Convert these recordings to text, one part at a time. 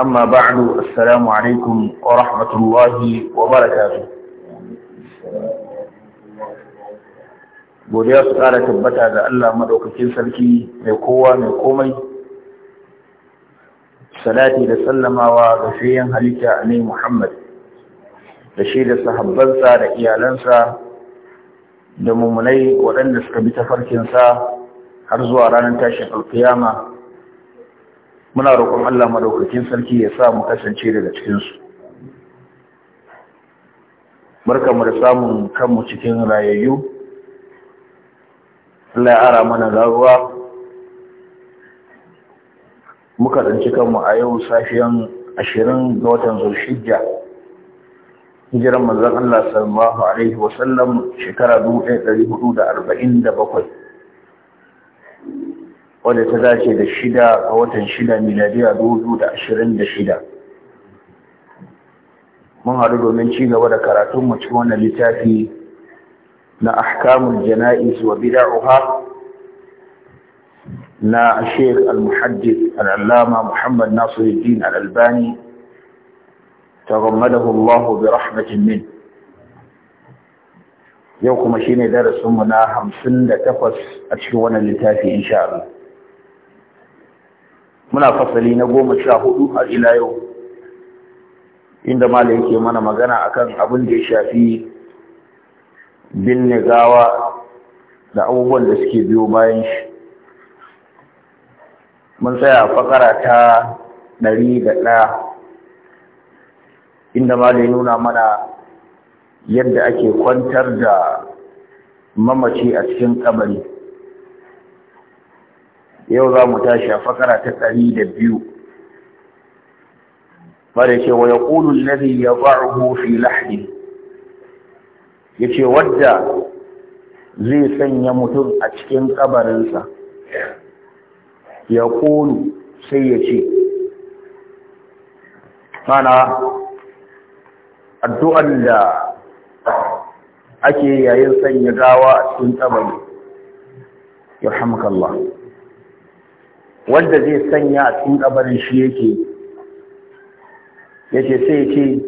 أما بعد السلام عليكم ورحمة الله وبركاته godiya su ƙara tabbata ga Allah maɗaukakin sarki mai kowa mai komai salati da sallamawa ga shayin halitta ne Muhammad da shi da sahabbansa da iyalansa da mummunai waɗanda suka bi tafarkinsa har zuwa ranar tashin alkiyama muna roƙon Allah maɗaukakin sarki ya sa mu kasance daga cikin su mu da samun kanmu cikin rayayyu Allah ya ara mana garuwa muka tsinci kanmu a yau safiyan ashirin ga watan zulhijja hijiran manzon Allah sallallahu alaihi wasallam shekara 1447 wadda ta zace da shida a watan shida miladiya dubu da ashirin da shida mun haɗu domin ci gaba da karatunmu cikin wannan littafi na ahkamul jana'is wa bida'uha na Sheikh al-Muhaddith al-Allama Muhammad Nasiruddin al-Albani tagammadahu Allah bi rahmatin min yau kuma shine darasin mu na 58 a cikin wannan littafi insha Allah muna fasali na goma sha hudu har ila yau inda mala yake mana magana akan abin da ya shafi binne gawa da abubuwan da suke biyo bayan shi mun tsaya fakara ta ɗari da ɗaya inda mala ya nuna mana yadda ake kwantar da mamaci a cikin ƙabari. yau za mu tashi a fakara ta ɗari da biyu bada ce wa ya ƙulu lari ya a fi lahdi ya ce wadda zai sanya mutum a cikin ƙabarinsa ya ƙulu sai ya ce mana addu'an da ake yayin sanya gawa a cikin ƙabari ya wanda zai sanya a cikin kabarin shi yake yace sai yace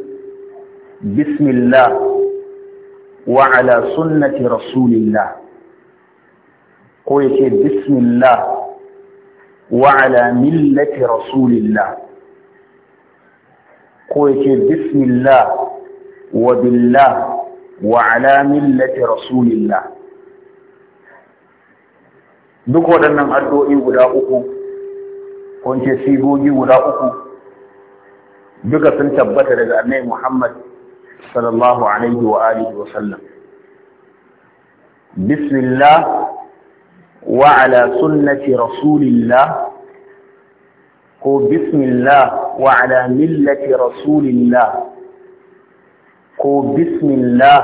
bismillah wa ala sunnati rasulillah ko yace bismillah wa ala millati rasulillah ko yace bismillah wa billah wa ala millati rasulillah duk waɗannan addu'o'i guda uku kunce sigogi guda uku duka sun tabbata daga annabi Muhammad sallallahu alaihi wa alihi wa sallam bismillah wa ala sunnati rasulillah ko bismillah wa ala millati rasulillah ko bismillah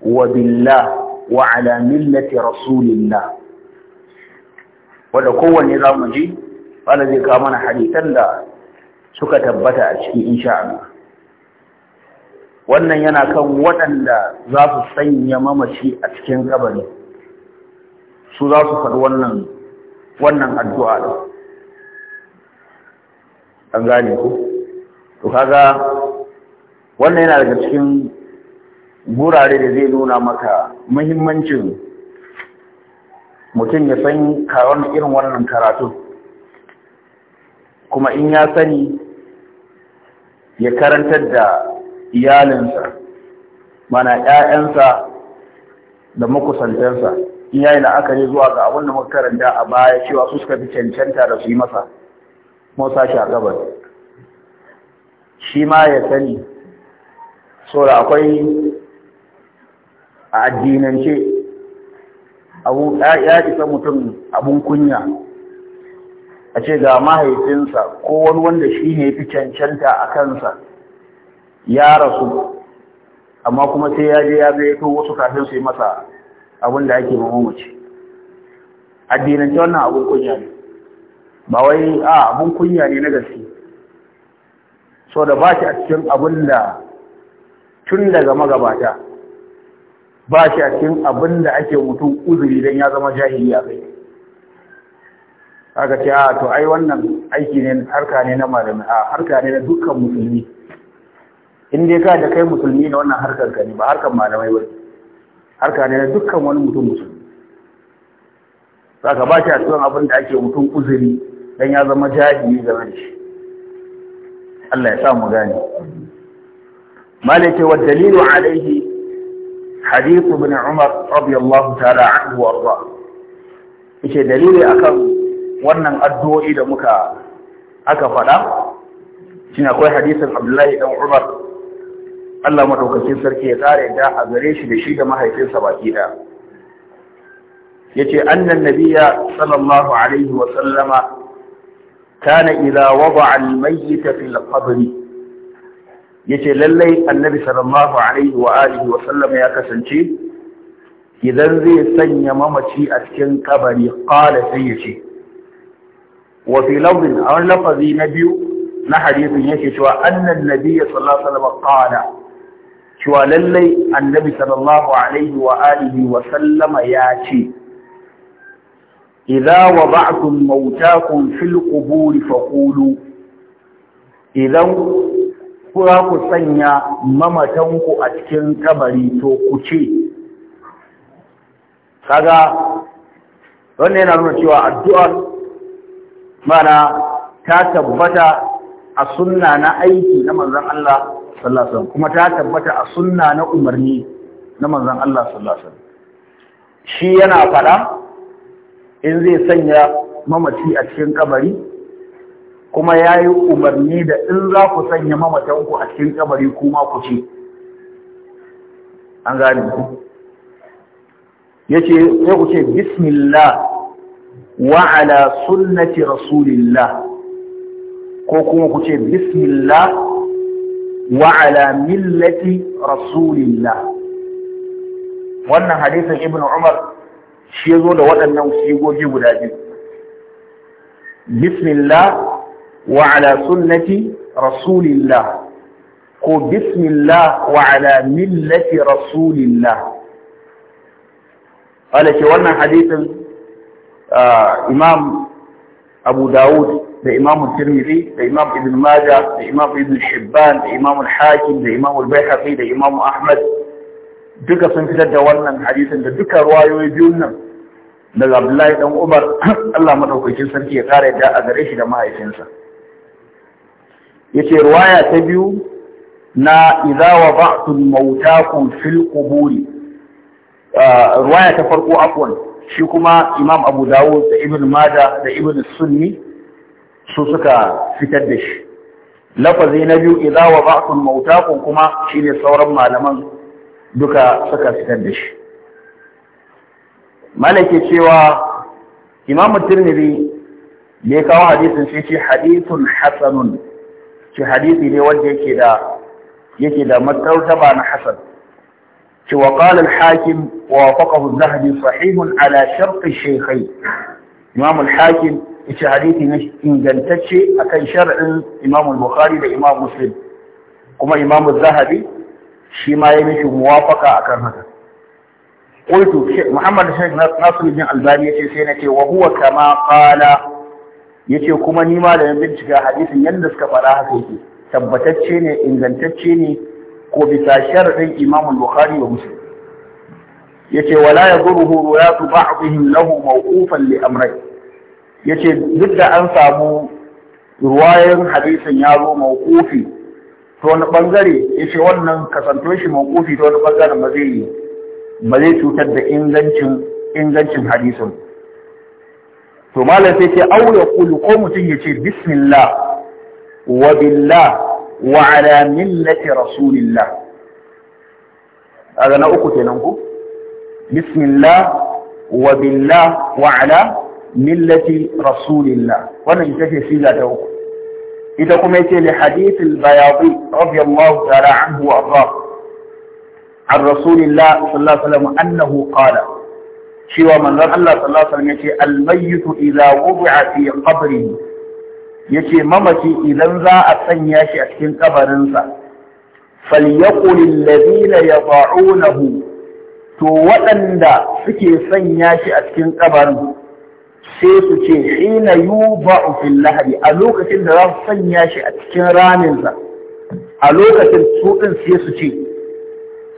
wa billah wa ala millati rasulillah wanda kowanne za mu ji wanda zai kawo mana hadisan da suka tabbata a cikin insha Allah wannan yana kan waɗanda za su sanya mamaci a cikin kabari su za su faɗi wannan wannan addu'a da an gane ku to kaga wannan yana daga cikin gurare da zai nuna maka muhimmancin mutum ya san karon irin wannan karatun kuma in ya sani ya karantar da iyalinsa mana ‘ya'yansa da makusantansa in aka yi zuwa ga abin da makaranta a baya cewa su suka fi cancanta da su yi masa motsa shi a gabar shi ma ya sani saboda akwai a addinance ya isa mutum abun kunya a ce ga mahaifinsa ko wani wanda shi ne fi cancanta a kansa ya rasu amma kuma sai ya je ya zai wasu kafin su yi masa abin da ake mace addinance wannan abin kunya ne ba wai a abin kunya ne na gaske so da ba shi a cikin abin da tun daga magabata ba shi a cikin abin da ake mutum uzuri don ya zama jahiliya kai aka ce a ah, to ai wannan aiki ne harka ne na malami a ah, harka ne na dukkan musulmi in dai ka da kai musulmi ne wannan harkar ka ne ba harkar malamai ba harka ne na dukkan wani mutum musulmi zaka ba shi a cikin abin da ake mutum uzuri dan ya zama jahili game da shi Allah ya sa mu gane malaka wa dalilu alaihi hadith ibn umar radiyallahu ta'ala anhu warda yace dalili akan wannan addu'o'i da muka aka faɗa shine akwai hadisin Abdullahi dan Umar Allah maɗaukacin sarki ya kare da a gare shi da shi da mahaifinsa baki ɗaya yace annan nabiyya sallallahu alaihi wa sallama كان إذا وضع الميت في Ya ce lallai annabi sallallahu alaihi wa alihi wa sallam ya kasance idan zai sanya mamaci a cikin kabari qala sai ya ce. wa fi lafzin a wani lafazi na biyu na hadisin yake cewa annan nabiyya sallallahu alaihi wasallam qala cewa lalle annabi sallallahu alaihi wa alihi wa sallama ya ce idza wada'tum mawtakum fil quburi faqulu idan ku ra ku sanya mamatanku a cikin kabari to ku ce kaga wannan yana nuna cewa addu'ar mana ta tabbata a sunna na aiki na manzon Allah sallallahu alaihi kuma ta tabbata a sunna na umarni na manzon Allah sallallahu alaihi shi yana fada in zai sanya mamaci a cikin kabari kuma yayi umarni da in za ku sanya mamatanku a cikin kabari kuma ku ci an gane ku yace sai ku ce bismillah wa ala sunnati rasulillah ko kuma ku ce bismillah wa ala millati rasulillah wannan hadisin ibnu umar shi ya zo da waɗannan shigogi guda biyu bismillah wa ala sunnati rasulillah ko bismillah wa ala millati rasulillah ala wannan hadisin imam abu dawud da imam tirmidhi da imam ibn majah da imam ibn shibban da imam al-hakim da imam al-baihaqi da imam ahmad duka sun fitar da wannan hadisin da duka ruwayoyi biyun nan daga abdullahi dan umar Allah madaukakin sarki ya kare da a gare shi da mahaifinsa yace ruwaya ta biyu na idza wada'tum mautakum fil quburi ruwaya ta farko afwan shi kuma imam abu dawud da ibn mada da ibn sunni su suka fitar da shi lafazi na biyu idza wa ba'tun mautakun kuma shine sauran malaman duka suka fitar da shi malake cewa imam tirmidhi bi ya kawo hadisin shi, ce hadithun hasanun shi hadisi ne wanda yake da yake da na hasan ci wa ƙalin hakim wa faƙahun sahihun ala sharfi shekai imamul hakim ita hadithi ingantacce a kan imamul bukhari da imam muslim kuma imamul zahabi shi ma ya mishi muwafaka a haka ƙultu muhammad da shaikh nasu bin albani sai na ce wa huwa kama ƙala ya ce kuma nima da yin bincika hadithin yadda suka faɗa haka yake tabbatacce ne ingantacce ne ko bisa sharadin Imam Bukhari wa Muslim yace wala yaduruhu ruwatu ba'dihim lahu mawqufan li amrayn yace duk da an samu ruwayan hadisin ya zo mawqufi to wani bangare yace wannan kasanto shi mawqufi to wani bangaren ba zai ba zai cutar da ingancin ingancin hadisin to malam sai ce au ya ko mutum yace bismillah wa billah وعلى ملة رسول الله هذا نأكو تنمكو بسم الله وبالله وعلى ملة رسول الله وانا يتكي سيلا تأكو إذا قمت لحديث البياضي رضي الله تعالى عنه وأرضاه عن رسول الله صلى الله عليه وسلم أنه قال شوى من رأى الله صلى الله عليه وسلم الميت إذا وضع في قبره yace mamaci idan za a sanya shi a cikin kabarinsa falyaqul alladhina yad'unahu to waɗanda suke sanya shi a cikin kabarin sai su ce "Ina yuba'u fil lahri a lokacin da za su sanya shi a cikin raninsa a lokacin su din sai su ce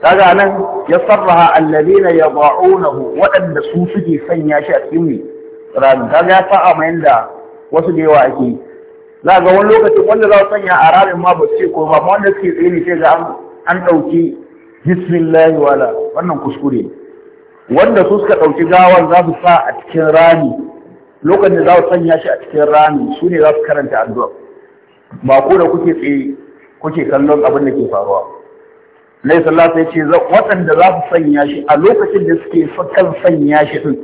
daga nan ya sarraha alladhina yad'unahu waɗanda su suke sanya shi a cikin ranin kaga ya fa'a mai da wasu da yawa ake yi za ga wani lokacin wanda za su sanya a ramin ma ba ce ko ba Ma wanda suke tsaye ne sai ga an ɗauki bismillahi wala wannan kuskure wanda su suka ɗauki gawar za su sa a cikin rami lokacin da za su sanya shi a cikin rami su ne za su karanta addu'a ba ko da kuke tsaye kuke kallon abin da ke faruwa Nai sallah ya ce waɗanda za su sanya shi a lokacin da suke kan sanya shi din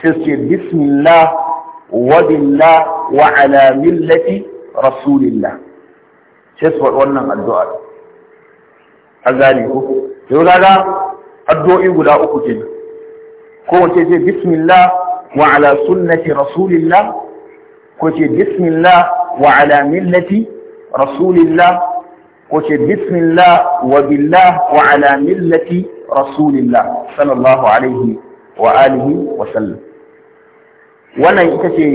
sai su ce bismillah وبالله وعلى ملة رسول الله شسوى الوانا الدعاء أذاني هو يقول هذا الدعاء إيه يقول أكتب كون تجي بسم الله وعلى سنة رسول الله كون تجي بسم الله وعلى ملة رسول الله كون تجي بسم الله وبالله وعلى ملة رسول الله صلى الله عليه وآله وسلم wannan ita ce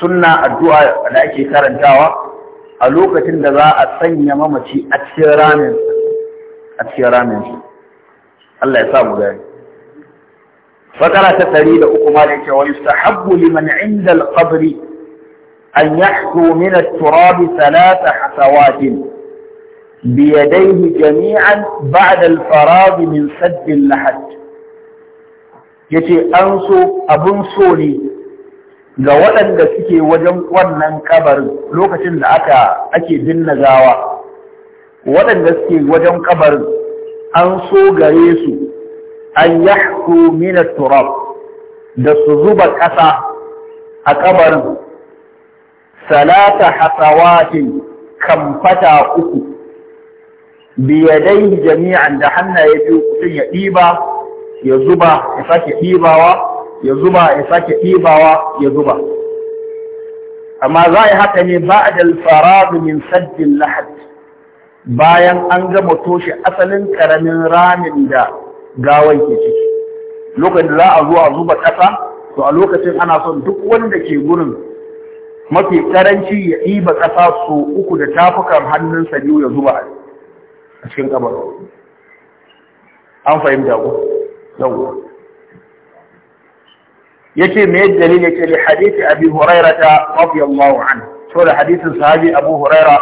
sunna addu'a da ake karantawa a lokacin da za a sanya mamaci a cikin ramin a cikin ramin su Allah ya sa mu gani fakara ta 103 ma da yake wa yustahabbu liman inda al-qabr an yahku min at-turab thalath hasawat bi yadayhi jami'an ba'da al-farag min sadd al-lahad yace an so abun so ne ga waɗanda suke wajen wannan kabarin lokacin da aka ake binne gawa waɗanda suke wajen kabarin an so gare su an yahku min turab da su zuba ƙasa a kabarin salata hasawatin kamfata uku biyadai jami'an da hannaye biyu kusan ya ɗiba ya zuba ya sake ɗibawa ya zuba ya sake ɗibawa ya zuba amma za a yi haka ne ba da dalfara min saddin lahad bayan an gama toshe asalin ƙaramin ramin da gawai ke ciki lokacin da za a zo a zuba ƙasa to a lokacin ana son duk wanda ke gurin mafi karanci ya ɗiba ƙasa so uku da tafukan hannunsa biyu ya zuba a cikin kamar an fahimta ku yawwa yace me dalil yake li hadisi abi hurairata radiyallahu anhu to da hadisin sahabi abu huraira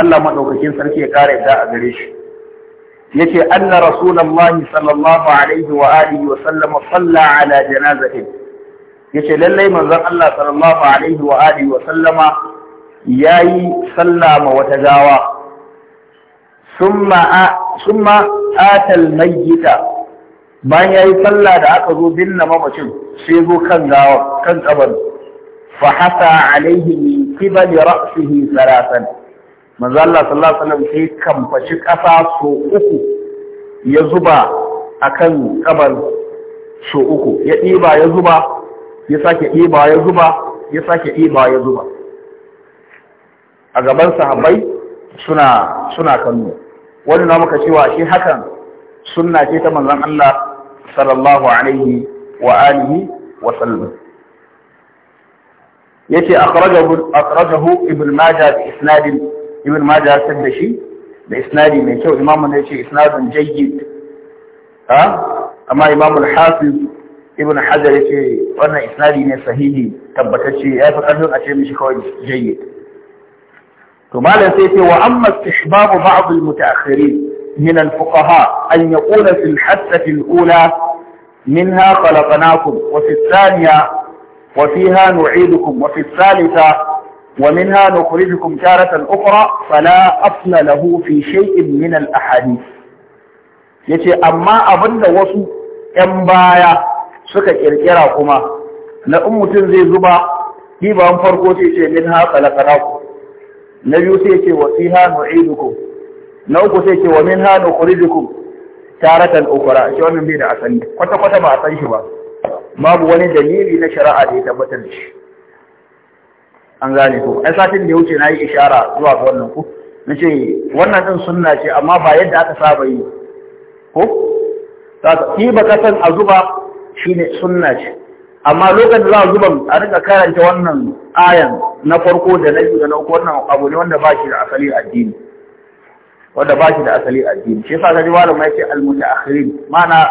Allah madaukakin sarki ya kare da a gare shi yace anna rasulullahi sallallahu alaihi wa alihi wa sallam salla ala janazatin yace lallai manzon Allah sallallahu alaihi wa alihi wa sallama yayi sallama wata gawa summa summa atal mayyita bayan ya yi sallah da aka zo binne mamacin sai zo kan gawa kan kabar fa hasa alaihi min qibal ra'sihi salasan manzo Allah sallallahu alaihi wasallam sai kamfaci kasa so uku ya zuba akan kabar so uku ya ɗiba ya zuba ya sake ɗiba ya zuba ya sake ɗiba ya zuba a gaban sahabbai suna suna kallo wani na muka cewa shi hakan sunna ce ta manzon Allah sallallahu alaihi wa alihi wa sallam yace akhrajahu akhrajahu ibn majah bi isnad ibn majah sadda shi da isnadi mai kyau imam ne yace isnadun jayyid ha amma imam al-hafiz ibn hajar yace wannan isnadi ne sahihi tabbatacce ya fi karfin a ce mishi kawai jayyid to malam sai ce wa amma istihbab ba'd al-mutaakhirin من الفقهاء أن يقول في الحثة الأولى منها خلقناكم وفي الثانية وفيها نعيدكم وفي الثالثة ومنها نخرجكم تارة أخرى فلا أصل له في شيء من الأحاديث yace amma abin da wasu ‘yan baya suka ƙirƙira kuma na in mutum zai zuba ɗiban farko sai ce min haka na biyu sai ce wasiha nu'idukum na uku sai ce wa min ha nukhrijukum taratan ukhra shi wannan bai da asali kwata kwata ba a san shi ba babu wani dalili na shari'a da ya tabbatar da shi an gane ko ai satin da ya wuce na yi ishara zuwa ga wannan ku nace wannan din sunna ce amma ba yadda aka saba yi ko saka shi ba ka san a zuba shine sunna ce amma lokacin da za a zuba a rika karanta wannan ayan na farko da na biyu da na uku wannan abu ne wanda ba shi da asali addini wanda ba shi da asali addini shi yasa kaji malam yake al-mutaakhirin mana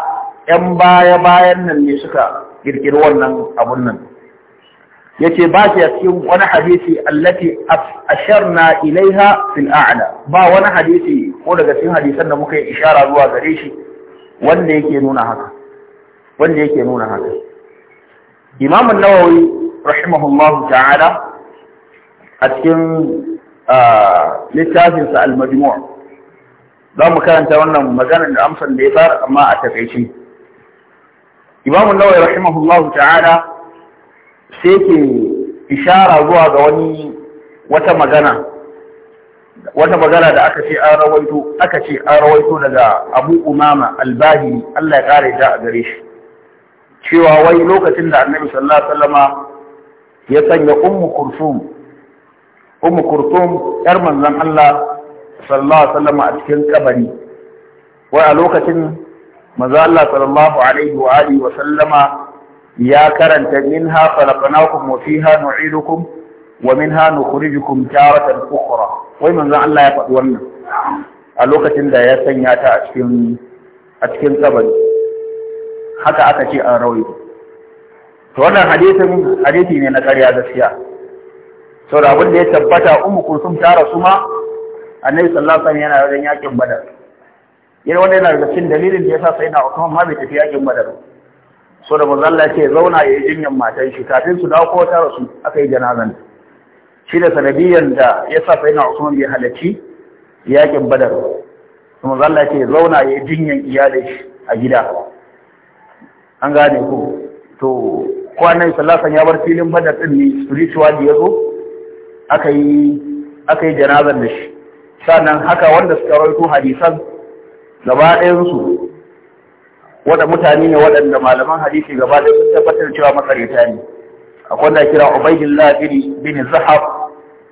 yan baya bayan nan ne suka kirkiri wannan abun nan yace ba shi a cikin wani hadisi allati asharna ilaiha fil a'la ba wani hadisi ko daga cikin hadisan da muka yi ishara zuwa gare shi wanda yake nuna haka wanda yake nuna haka imam an-nawawi rahimahullahu ta'ala a cikin ah, littafinsa al-majmu' za mu karanta wannan maganar da amsar da ya fara amma a takaice imamu nawai rahimahullahu ta'ala sai ke ishara zuwa ga wani wata magana wata magana da aka ce an rawaito aka ce an rawaito daga Abu Umama Al-Bahili Allah ya kare ta a gare shi cewa wai lokacin da Annabi sallallahu alaihi wasallama ya sanya Ummu Kurtum Ummu Kurtum yar manzon Allah sallallahu alaihi a cikin kabari wai a lokacin Allah sallallahu alaihi wa alihi wa sallama ya karanta minha khalaqnakum wa fiha nu'idukum wa nukhrijukum taratan ukhra wai Allah ya faɗi wannan a lokacin da ya sanya ta a cikin a cikin kabari haka aka ce an rawi to wannan hadisin hadisi ne na ƙarya gaskiya saboda abin da ya tabbata ummu kulsum ta rasu ma annabi sallallahu alaihi wasallam yana wajen yakin badar yana wanda yana daga cikin dalilin da yasa sai na Uthman ma bai tafi yakin badar so da manzo Allah ya zauna ya yi jinyan matan shi kafin su dawo ko ta rasu aka yi janazan shi da sanabiyan da yasa sai na Uthman bai halaci yakin badar manzo Allah ya zauna ya yi jinyan iyali shi a gida an gane ku to kwanan sallasan ya bar filin badar din ne spiritual ya zo aka yi aka yi janazan da shi sannan haka wanda suka rawaito hadisan gaba ɗayansu wanda mutane ne waɗanda malaman hadisi gaba ɗaya sun tabbatar cewa makarita ne akwai da kira Ubaidillah bin bin Zahab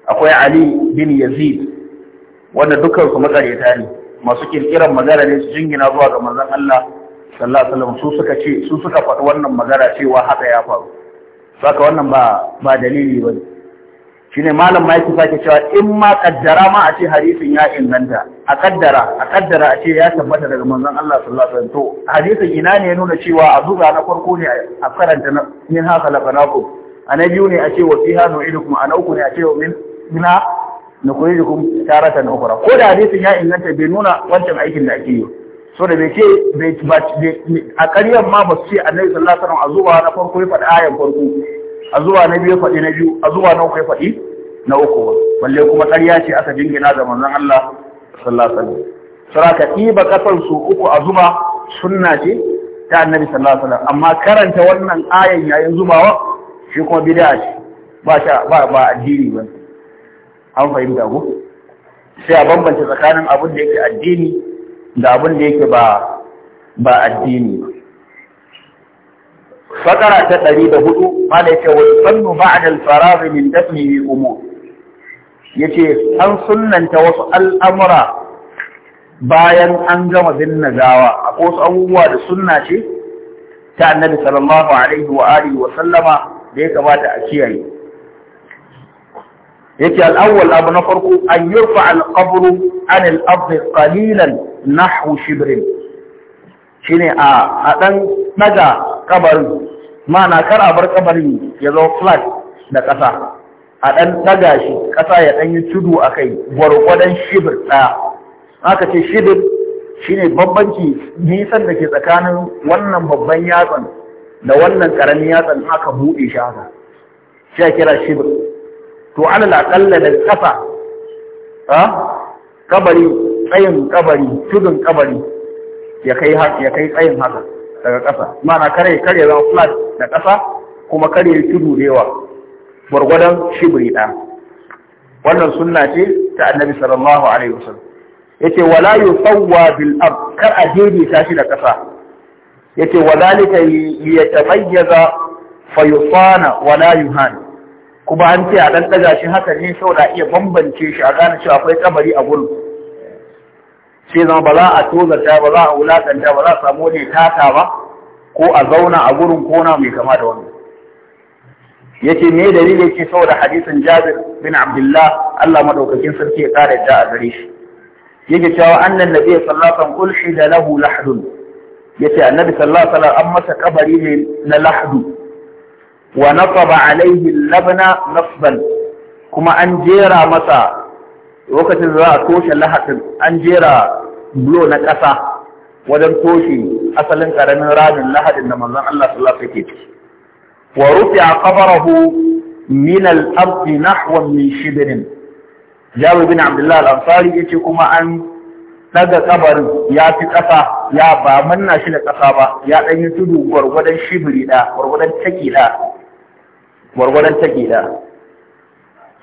akwai Ali bin Yazid wanda dukkan su makarita ne masu kirkiran magana ne su jingina zuwa ga manzon Allah sallallahu alaihi wasallam su suka ce su suka faɗi wannan magana cewa haka ya faru saka wannan ba ba dalili bane shine malam ma yake sake cewa in ma kaddara ma a ce hadisin ya inganta a kaddara a kaddara a ce ya tabbata daga manzon Allah sallallahu alaihi wasallam to hadisin ina ne ya nuna cewa a zuga na farko ne a karanta na min haka A na biyu ne a ce wa fiha a na uku ne a ce min ina tarata na ukhra ko da hadisin ya inganta bai nuna wancan aikin da ake yi so da bai ce a ƙaryar ma ba su ce annabi sallallahu alaihi wasallam a zuwa na farko ya faɗa ayan farko a zuwa na biyu faɗi na biyu a zuwa na uku ya faɗi na uku ba balle kuma ƙarya ce aka jingina ga manzon Allah sallallahu alaihi wasallam saraka iba kafan su uku a zuba sunna ce ta annabi sallallahu alaihi wasallam amma karanta wannan ayan yayin zubawa shi kuma bid'a ce ba sha ba ba addini ba an fahimta ko sai a bambance tsakanin abin da yake addini da abin da yake ba ba addini ba fakara ta ɗari da hudu ma da yake wani sannu ba'ad al-faraghi min dafnihi umur yace an sunnanta wasu al'amura bayan an gama binne gawa akwai wasu abubuwa da sunna ce ta annabi sallallahu alaihi wa alihi wa sallama da ya kamata a kiyaye yake al'awwal abu na farko an yurfa al-qabru an al-ardh qalilan nahwu shibrin shine a a dan naga kabarin Mana kar a bar kabarin ya zo flat da ƙasa a ɗan ɗaga shi ƙasa ya ɗan yi tudu a kai gwargwadon shibir ɗaya aka ce shibir shine bambanci nisan da ke tsakanin wannan babban yatsan da wannan ƙaramin yatsan aka buɗe shi haka shi a kira shibir to alal aƙalla da ƙasa kabari tsayin kabari tudun kabari ya kai tsayin haka daga ƙasa ma'ana kare kare zama flat da ƙasa kuma kare tudu da yawa gwargwadon shibri ɗaya wannan sunna ce ta annabi sallallahu alaihi wasallam yace wala yusawwa bil ard kar a ta shi da ƙasa yace wadalika yatamayyaza fayusana wala yuhan kuma an ce a dan daga shi haka ne saboda iya bambance shi a gane cewa akwai kabari a gurin sai zama ba za a tozarta ba za a wulaƙanta ba za a samu wani tata ba ko a zauna a gurin kona mai kama da Ya yace me dalili yake saboda hadisin Jabir bin Abdullah Allah madaukakin sarki ya kare da a gare shi yake cewa annan nabi sallallahu alaihi wasallam da lahu lahdun yace annabi sallallahu an masa kabari ne na lahdu wa nasaba alaihi labna nasban kuma an jera masa lokacin za a toshe lahasin an jera bulo na ƙasa wajen toshe asalin ƙaramin ramin lahadin da manzon Allah sallallahu alaihi wasallam ciki wa rufi'a qabrahu min al-ard nahwa min shibrin Jabir bin Abdullah al-Ansari yace kuma an daga kabarin ya fi ƙasa ya ba manna shi da ƙasa ba ya ɗan yi tudu gwargwadon shibiri da gwargwadon taki da gwargwadon da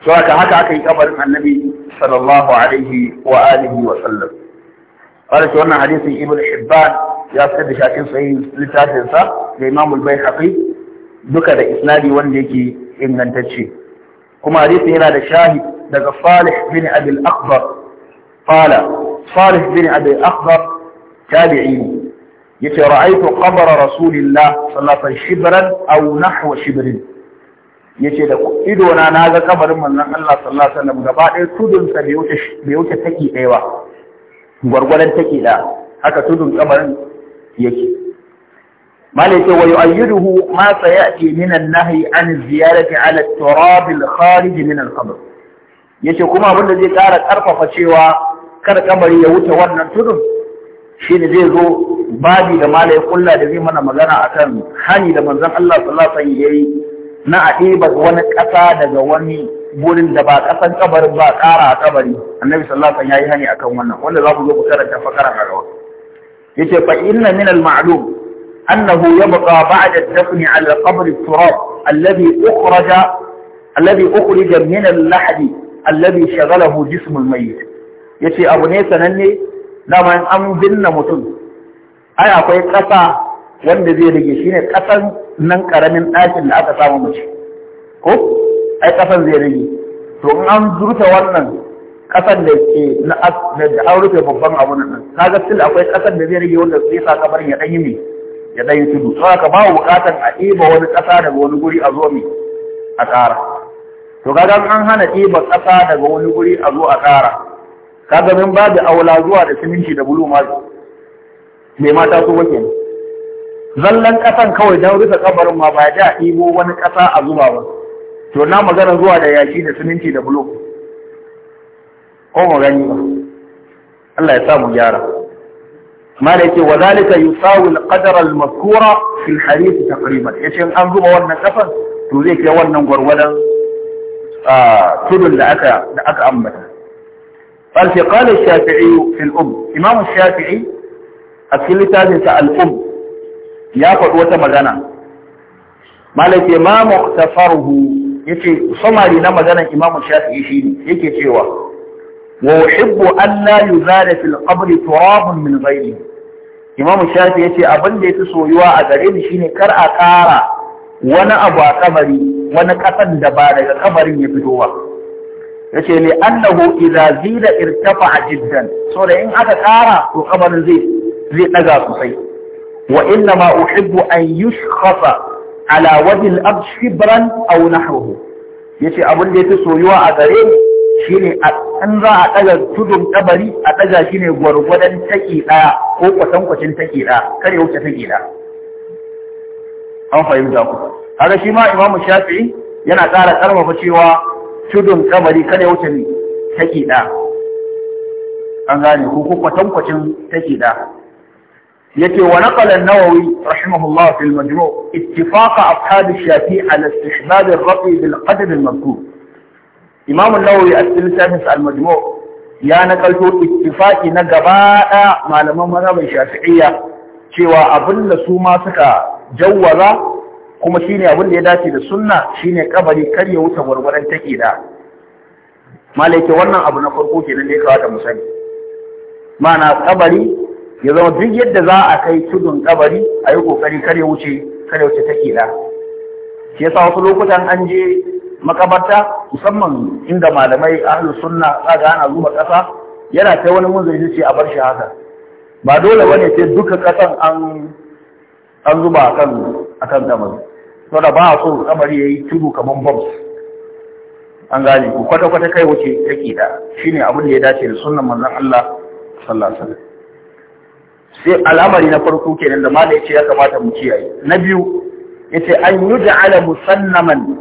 sau haka haka aka yi kafarin annabi sallallahu alaihi wa alihi wannan hadisin ibn hibban ya sayar da shakin sayin littafinsa da imam bai haƙi duka da isnadi wanda yake ingantacce kuma hadisin yana da shahi daga salih bin abil akbar fala salih bin abil akbar tabi'i ne yace ra'aytu qabra rasulillah sallallahu alaihi wa sallam nahwa shibrin yace da idona na ga kabarin manzon Allah sallallahu alaihi wasallam gaba ɗaya tudun sa bai wuce bai wuce taki ɗaya ba gwargwaran taki da haka tudun kabarin yake malaka wa yu'ayyiduhu ma sayati min an-nahy an ziyarati ala at-turab al-kharij min al-qabr yace kuma abin da zai kara karfafa cewa kar kabari ya wuce wannan tudun shine zai zo babi da malai kulla da zai mana magana akan hani da manzon Allah sallallahu alaihi wasallam yayi na a ɗibar wani ƙasa daga wani gurin da ba ƙasan kabarin ba ƙara a kabari annabi sallallahu alaihi wasallam yayi hani akan wannan wanda za ku zo ku karanta fakaran a gaba yace fa inna min al ma'lum annahu yabqa ba'da ad al-qabr at-turab alladhi ukhraja alladhi ukhrija min al-lahd alladhi shaghalahu jism al-mayyit yace abu ne sananne dama an binne mutum ai akwai ƙasa wanda zai rage shine ƙasan nan karamin ɗakin da aka samu mace ko ai kasan zai rage to in an rufe wannan kasan da ke na da an rufe babban abu nan ga still akwai kasan da zai rage wanda zai sa kamar ya ɗanyi mai ya ɗanyi tudu to haka babu buƙatar a ɗiba wani ƙasa daga wani guri a zo mai a ƙara to kaga an hana ɗiba ƙasa daga wani guri a zo a ƙara kaga min babu aula zuwa da siminti da bulu ma mai mata su wake ne zallan ƙasan kawai don rufe kabarin ma ba da ɗibo wani ƙasa a zuba ba to na magana zuwa da yashi da siminti da bulo ko mu gani ba Allah ya sa mu gyara mala yake wa zalika yusawi al-qadar al-mazkura fi al-hadith taqriban yace an zuba wannan ƙasan to zai kai wannan gwargwadon tudun da aka da aka ambata قال al قال الشافعي في الأم إمام الشافعي أكل تاجنس الأم ya faɗi wata magana malai ce ma muqtafaruhu yace samari na maganar imamu shafi'i shine yake cewa wa uhibbu an la yuzala fil qabri turabun min ghayri imamu shafi'i yace abin da yafi soyuwa a gare ni shine kar a ƙara wani abu a kabari wani kasan da ba daga kabarin ya fito ba yace li annahu idza zila irtafa jiddan saboda da in aka ƙara to kabarin zai zai daga sosai wa inna ma uhibbu an yushkhafa ala wajhi al-abd shibran aw nahruhu yace abin da yafi soyuwa a gare ni shine an za a ɗaga tudun ƙabari a ɗaga shi ne gwargwadon taki ɗaya ko kwatankwacin taki daya kare wuce taki ɗaya? an fahimta ku Haka shi ma imamu Shafi yana ƙara karfafa cewa tudun kabari kada ya wuce taki ɗaya? an gane ko kwatankwacin taki ɗaya. yake wa naqala nawawi rahimahullah fil majmu ittifaq ashab ash-shafi ala istihbab ar-rafi bil qadr al-mazkur imam an-nawawi al-silsafis al-majmu' ya nakalto ittifaqi na gaba da malaman mazhabin shafi'iyya cewa abinda su ma suka jawwaza kuma shine abinda ya dace da sunna shine kabari kar ya wuce gwargwaran take da malaike wannan abu na farko kenan da ya kawata mu sani ma'ana kabari ya zama duk yadda za a kai tudun kabari a yi kokari kar ya wuce kar ya wuce ta kila shi yasa wasu lokutan an je makabarta musamman inda malamai ahlus sunna za ga ana zuba kasa yana kai wani munzuri ce a bar shi haka ba dole bane sai duka kasan an an zuba akan akan kamar saboda ba a so kamari yayi tudu kaman bombs an gane ku kwata kwata kai wuce take da shine abin da ya dace da sunnan manzon Allah sallallahu alaihi wasallam sai al'amari na farko kenan da ya ce ya kamata mu kiyaye na biyu yace an yuj'ala musannaman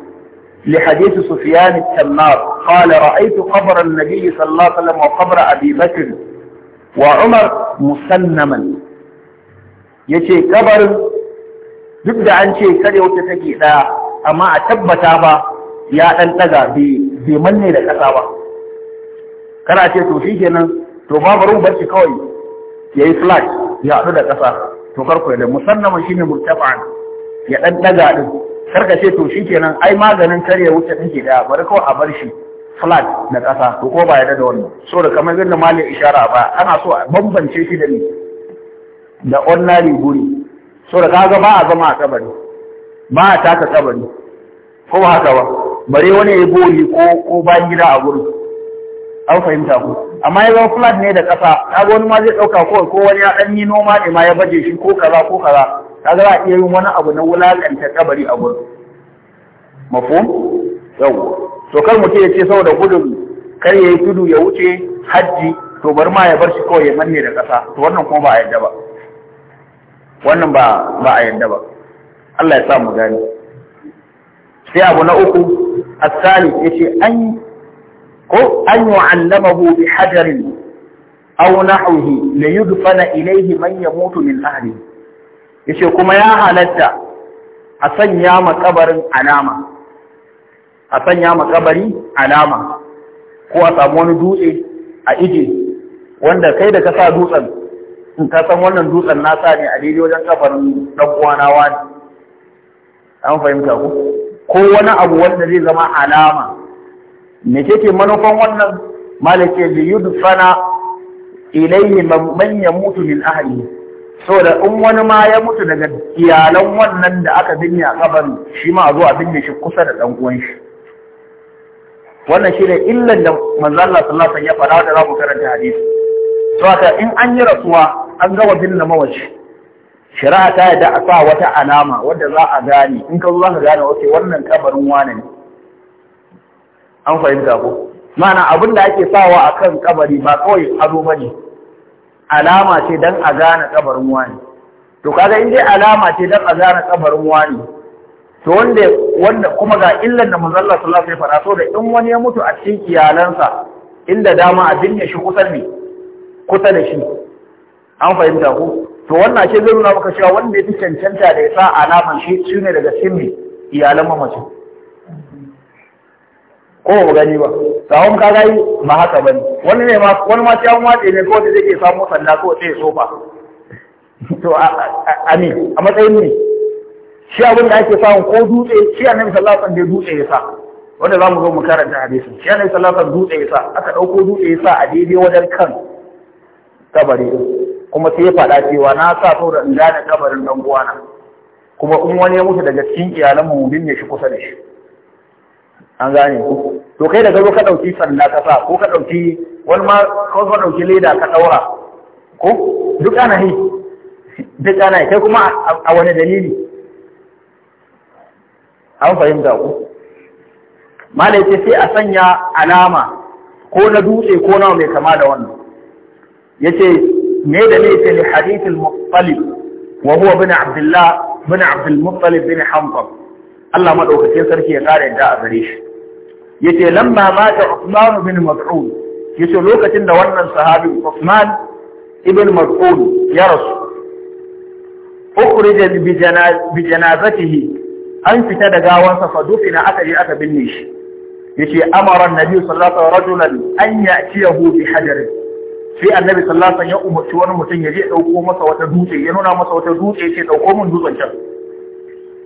li hadith sufyan at-tammar qala ra'aytu qabra an-nabiy sallallahu wa wa umar musannaman yace kabarin duk da an ce kare wata take daya amma a tabbata ba ya dan daga bai manne da ƙasa ba kana ce to kenan to babu rubar kawai yayi flash ya haɗu da ƙasa to karku da musannaman shine murtafa'an ya ɗan ɗaga ɗin karka ce to shi kenan ai maganin karya wuce ɗinki ɗaya bari kawai a bar shi flat da ƙasa to ko ba yadda da wannan so da kamar yadda malin ishara ba ana so a bambance shi da ni da ordinary guri so da kaga ba a zama a kabari ba a taka kabari ko ba haka ba bare wani ya bori ko ko bayan gida a gurin an fahimta ku amma ya zama flat ne da ƙasa kaga wani ma zai ɗauka ko ko wani ya ɗan yi noma ne ma ya baje shi ko kaza ko kaza ka za a iya yin wani abu na wulaƙanta kabari a gurin mafhum yau to kar mutum ya ce saboda gudun kar ya yi tudu ya wuce hajji to bari ma ya bar shi kawai ya manne da ƙasa to wannan kuma ba a yadda ba wannan ba ba a yadda ba Allah ya sa mu gani sai abu na uku asali yace an ko an yu'allamahu bi hajarin aw nahwihi li yudfana ilaihi manyan mutu min ya ce kuma ya halatta a sanya makabarin alama a sanya makabari alama ko a samu wani dutse a ije wanda kai da ka sa dutsen in ka san wannan dutsen na sa ne a daidai wajen kafarin dan uwana wani an fahimta ku ko wani abu wanda zai zama alama me ce manufan wannan malake li yudfana ilayhi man mutu min ahli saboda in wani ma ya mutu daga iyalan wannan da aka binne a kabar shi ma a zo binne shi kusa da dan uwan shi wannan shine illan da manzo Allah sallallahu alaihi wasallam ya fara da zamu karanta hadisi in an yi rasuwa an gama binne mawaci shari'a ta da a sa wata alama wadda za a gane in ka zo za gane wace wannan kabarin wane ne an fahimta ko mana abin da ake sawa a kan kabari ba kawai ado ba ne alama ce don a gane kabarin wani to kaga in dai alama ce don a gane kabarin wani to wanda wanda kuma ga illan da manzon sallallahu alaihi wasallam so da in wani ya mutu a cikin iyalansa inda dama a ya shi kusa ne kusa da shi an fahimta ko to wannan ce zai nuna maka cewa wanda ya fi cancanta da ya sa alaman shi shine daga cikin iyalan mamacin ko ba gani ba sawon ka gani ma haka bane wani ne ma wani ma ciyawan wace ne ko da zai samu sanda ko sai sofa to a a matsayin ne shi abin da ake samu ko dutse shi annabi sallallahu alaihi wasallam dutse ya sa wanda za mu zo mu karanta hadisin shi annabi sallallahu alaihi wasallam dutse ya sa aka dauko dutse ya sa a daidai wajen kan kabari kuma sai ya faɗa cewa na sa so da in gane kabarin dan uwana kuma in wani ya mutu daga cikin iyalan mu binne shi kusa da shi an gane ku to kai da gado ka ɗauki sanda ka sa ko ka ɗauki wani ma ko ka ɗauki leda ka ɗaura ko duk ana yi duk ana yi kai kuma a wani dalili an fahimta ku malai ce sai a sanya alama ko na dutse ko na mai kama da wannan yace me da ne ce li hadith al-muttalib wa huwa bin abdullah bin abd al-muttalib bin hanfam Allah madaukakin sarki ya kare da a gare shi yace lamma mata Usman bin Mas'ud yace lokacin da wannan sahabi Usman ibn Mas'ud ya rasu ukhrija bi janazatihi an fita da gawansa fa dufina aka yi aka binne shi yace amara annabi sallallahu alaihi wasallam an ya'tiyahu bi hajarin sai annabi sallallahu alaihi wasallam ya umarci wani mutum ya je dauko masa wata dutse ya nuna masa wata dutse ya ce dauko min dutsen can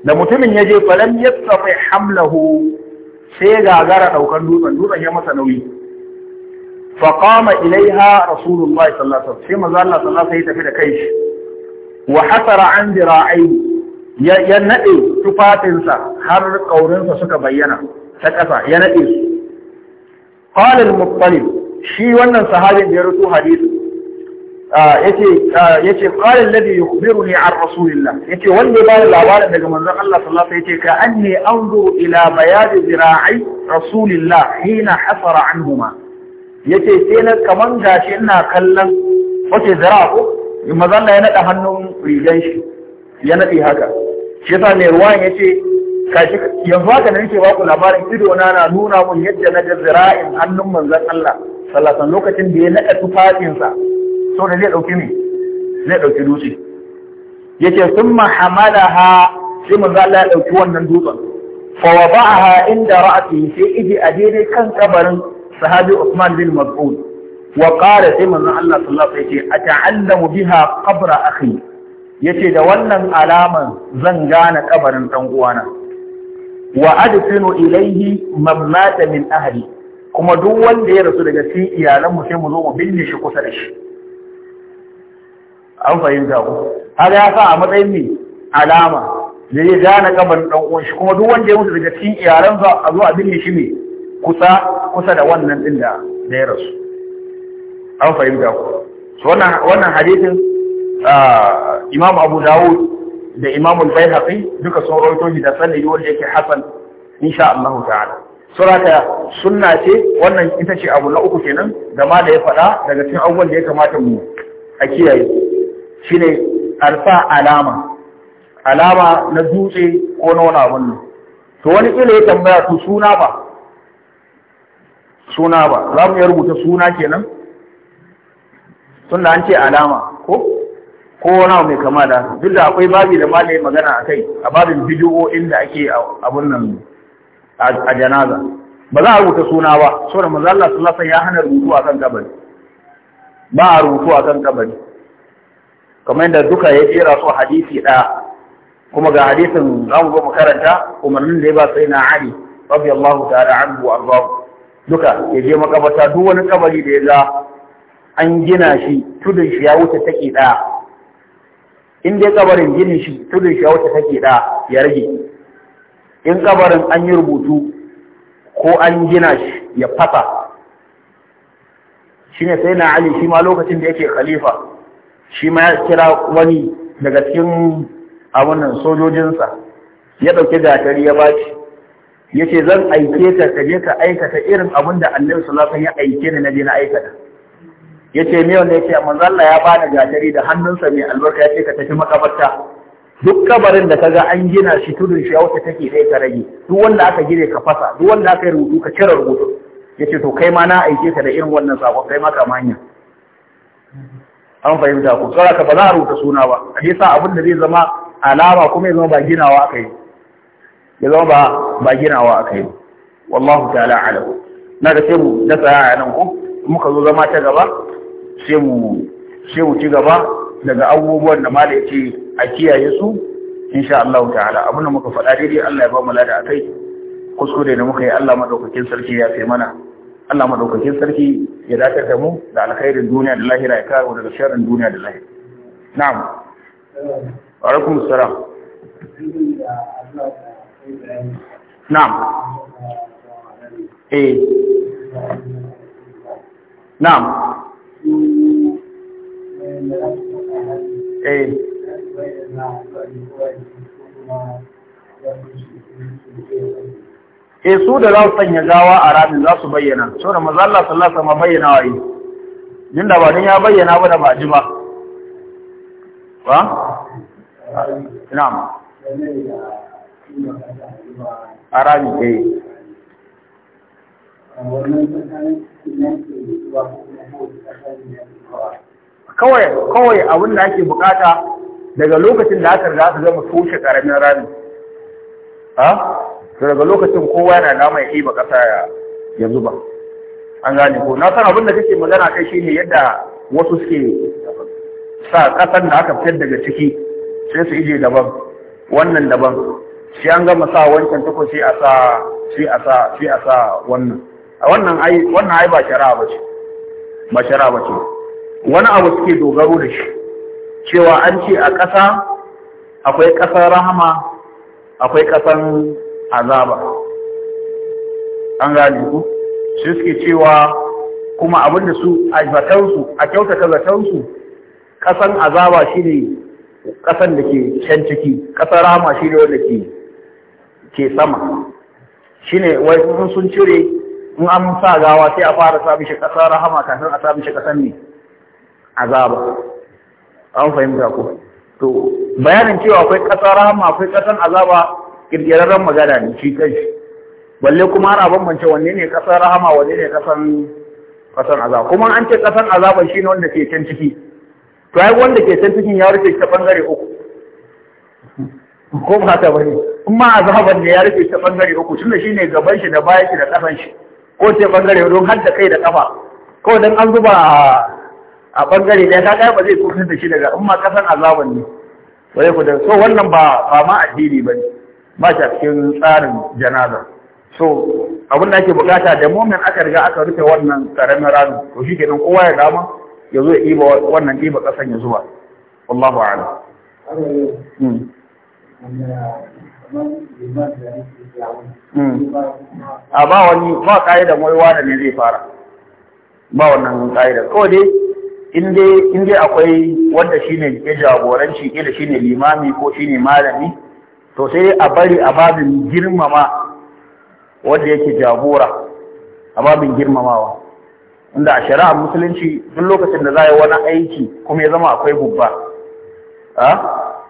da mutumin ya je falam yastafi hamlahu sai gagara ɗaukar dutsen dutsen ya masa nauyi fa qama ilaiha rasulullahi sallallahu alaihi wasallam sai manzo Allah sallallahu ya tafi da kai wa hasara an dira'ai ya nade tufafinsa har ƙaurinsa suka bayyana ta ƙasa ya nade su qala al-muttalib shi wannan sahabin da ya rutu hadisi yace ya kubiru yukhbiruni a rasulillah yace wanda ya bani labarin daga manzan Allah sallallahu alaihi ka yace ka anni anzuru ila bayad zira'ai rasulillah hina hasara huma. yace sai na kaman gashi ina kallon wace zira ko manzon ya naɗa hannun rigan shi ya naɗe haka shi yasa mai ruwan yace kashi yanzu haka na nake baku labarin ido na na nuna mun yadda na ga zira'in hannun manzon Allah sallallahu alaihi lokacin da ya naɗa tufafinsa Sau da zai ɗauki ne zai ɗauki dutse yake sun mahamala ha sai manzo Allah ya ɗauki wannan dutsen fa wada'aha inda ra'ati sai iji a daidai kan kabarin sahabi Usman bin Mas'ud wa qala sai manzo Allah sallallahu alaihi wasallam yace ata'allamu biha kabra akhi yace da wannan alaman zan gane kabarin dan uwana wa adfinu ilaihi man mata min ahli kuma duk wanda ya rasu daga cikin iyalan mu sai mu zo mu binne shi kusa da shi an fahimta ku har ya sa a matsayin ne alama da ya gane kamar dan uwan shi kuma duk wanda ya mutu daga cikin iyalansa a zo a binne shi ne kusa kusa da wannan din da da ya rasu an fahimta ku wannan wannan hadisin ah, Imam Abu Dawud da Imam Al-Baihaqi duka sun rawaito shi da sanadi wanda yake hasan insha Allah ta'ala surata sunna ce wannan ita ce abu na uku kenan da ma da ya faɗa daga cikin abubuwan da ya kamata mu a kiyaye shine alfa alama alama na dutse ko na wani abun to wani ila ya tambaya to suna ba suna ba za mu iya rubuta suna kenan da an ce alama ko ko wani mai kama da duk da akwai babi da malaye magana a kai a babin bidiyo inda ake abun nan a janaza ba za a rubuta suna ba saboda manzo Allah sallallahu alaihi wasallam ya hana rubutu akan kabari ba a rubutu akan kabari kamar da duka ya jera su hadisi ɗaya kuma ga hadisin za mu zo mu karanta umarnin da ya ba sai na Ali radiyallahu ta'ala anhu wa duka ya je makabarta duk wani kabari da ya ga an gina shi tudun shi ya wuce take ɗaya in dai kabarin ginin shi tudun shi ya wuce take ɗaya ya rage in kabarin an yi rubutu ko an gina shi ya fasa shine sai na Ali shi ma lokacin da yake khalifa shi ma ya kira wani daga cikin abunan sojojinsa ya ɗauki gatari ya baci ya ce zan aike ka ka je ka aikata irin abin da annabi sallallahu ya aike ni na je na aikata ya ce me wanda ya ce Allah ya bani gatari da hannunsa mai albarka ya ce ka tafi makabarta duk kabarin da ka ga an gina shi tudun shi wata take sai ka rage duk wanda aka gire ka fasa duk wanda aka yi rubutu ka cire rubutu ya ce to kai ma na aike ka da irin wannan sakon kai ma ka manya an fahimta ku ka ba za a rubuta suna ba a je sa abin da zai zama alama kuma ya zama ba ginawa aka yi ya zama ba ba ginawa aka yi wallahu ta'ala alahu. na da sai mu dasa a nan ku muka zo zama ta gaba sai mu sai mu ci gaba daga abubuwan da mala ce a kiyaye su insha Allah ta'ala abin da muka faɗa daidai Allah ya ba mu lada akai kuskure da muka yi Allah madaukakin sarki ya fi mana Allah madaukakin sarki ya dakar da mu da alkhairin duniya da lahira ya kawo daga sharrin duniya da lahira na'am wa alaikum assalam na'am eh na'am eh na'am eh su da za su sanya gawa a ramin za su bayyana sau da Allah sallallahu alaihi ma bayyana wa yi yin da ba din ya bayyana ba da ba ji ba ba ma a rami yi eh. kawai kawai abin da ake bukata daga lokacin da aka riga su zama toshe karamin rami ha to daga lokacin kowa yana dama ya ba ƙasa ya zuba an gane ko na san abin da kake magana kai shine yadda wasu suke sa ƙasan da aka fitar daga ciki sai su ije daban wannan daban sai an gama sa wancan tukun sai a sa sai a sa sai a sa wannan a wannan ai wannan ai ba shari'a bace ba shari'a bace wani abu suke dogaro da shi cewa an ce a ƙasa akwai ƙasar rahama akwai ƙasan azaba an gane ku shi suke cewa kuma abin da su a zatansu a kyautata zatansu kasan azaba shine kasan da ke can ciki kasan rama shine wanda ke ke sama shine wai sun cire in an sa gawa sai a fara sa mishi ƙasar rahama kafin a sa mishi kasan ne azaba an fahimta ku! to bayanin cewa akwai ƙasar rahama akwai ƙasar azaba Ƙirƙirarren magana ne shi kai balle kuma har a bambance wanne ne kasar rahama wanne ne ƙasan kasan azaba kuma an ce kasan azaba ne wanda ke can ciki to ai wanda ke can cikin ya rufe ta bangare uku ko ba ta bane amma azaban ne ya rufe ta bangare uku tunda ne gaban shi da bayan shi da kafan shi ko ce bangare don har da kai da kafa ko dan an zuba a bangare da kaga ba zai kusa da shi daga amma ƙasan azaban ne wai ku da so wannan ba ba ma addini bane ba shi a cikin tsarin janaza so abin da ake bukata da momin aka riga aka rufe wannan karamin ramin to shi kenan kowa ya dama ya zo ya ɗiba wannan ɗiba ƙasan ya zuba wallahu ala. Hmm. Hmm. a ba wani ba ƙa'idar waiwa da ne zai fara ba wannan ƙa'idar kawai dai in dai akwai wanda shi ne ya jagoranci shi ne limami ko shi ne malami to sai a bari a babin girmama wanda yake jagora a babin girmamawa inda a shari'ar musulunci duk lokacin da za yi wani aiki kuma ya zama akwai gubba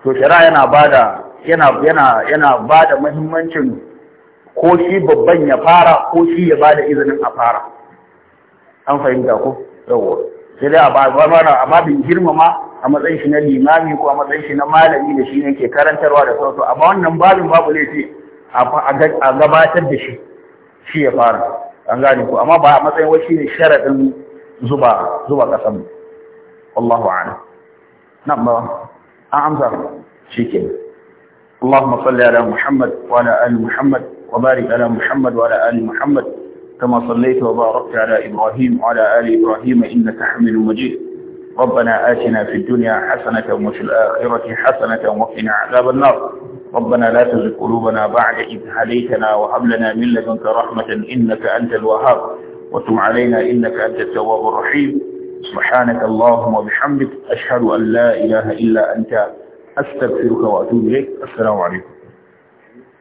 to shari'a yana bada yana yana yana bada muhimmancin ko shi babban ya fara ko shi ya bada izinin a fara an fahimta ko yawwa sai dai a barbara amma bin girmama a matsayin shi na limami ko a matsayin shi na malami da shi ne ke karantarwa da sauransu amma wannan babin babu laifi a gabatar da shi shi ya fara an gane ko amma ba a matsayin wai shine sharadin zuba zuba kasan Allahu a'lam nan ba an amsa shikenan اللهم صل على محمد وعلى ال محمد وبارك على محمد وعلى ال محمد كما صليت وباركت على إبراهيم وعلى آل إبراهيم إنك حميد مجيد ربنا آتنا في الدنيا حسنة وفي الآخرة حسنة وقنا عذاب النار ربنا لا تزغ قلوبنا بعد إذ هديتنا وهب لنا من لدنك رحمة إنك أنت الوهاب وتم علينا إنك أنت التواب الرحيم سبحانك اللهم وبحمدك أشهد أن لا إله إلا أنت أستغفرك وأتوب إليك السلام عليكم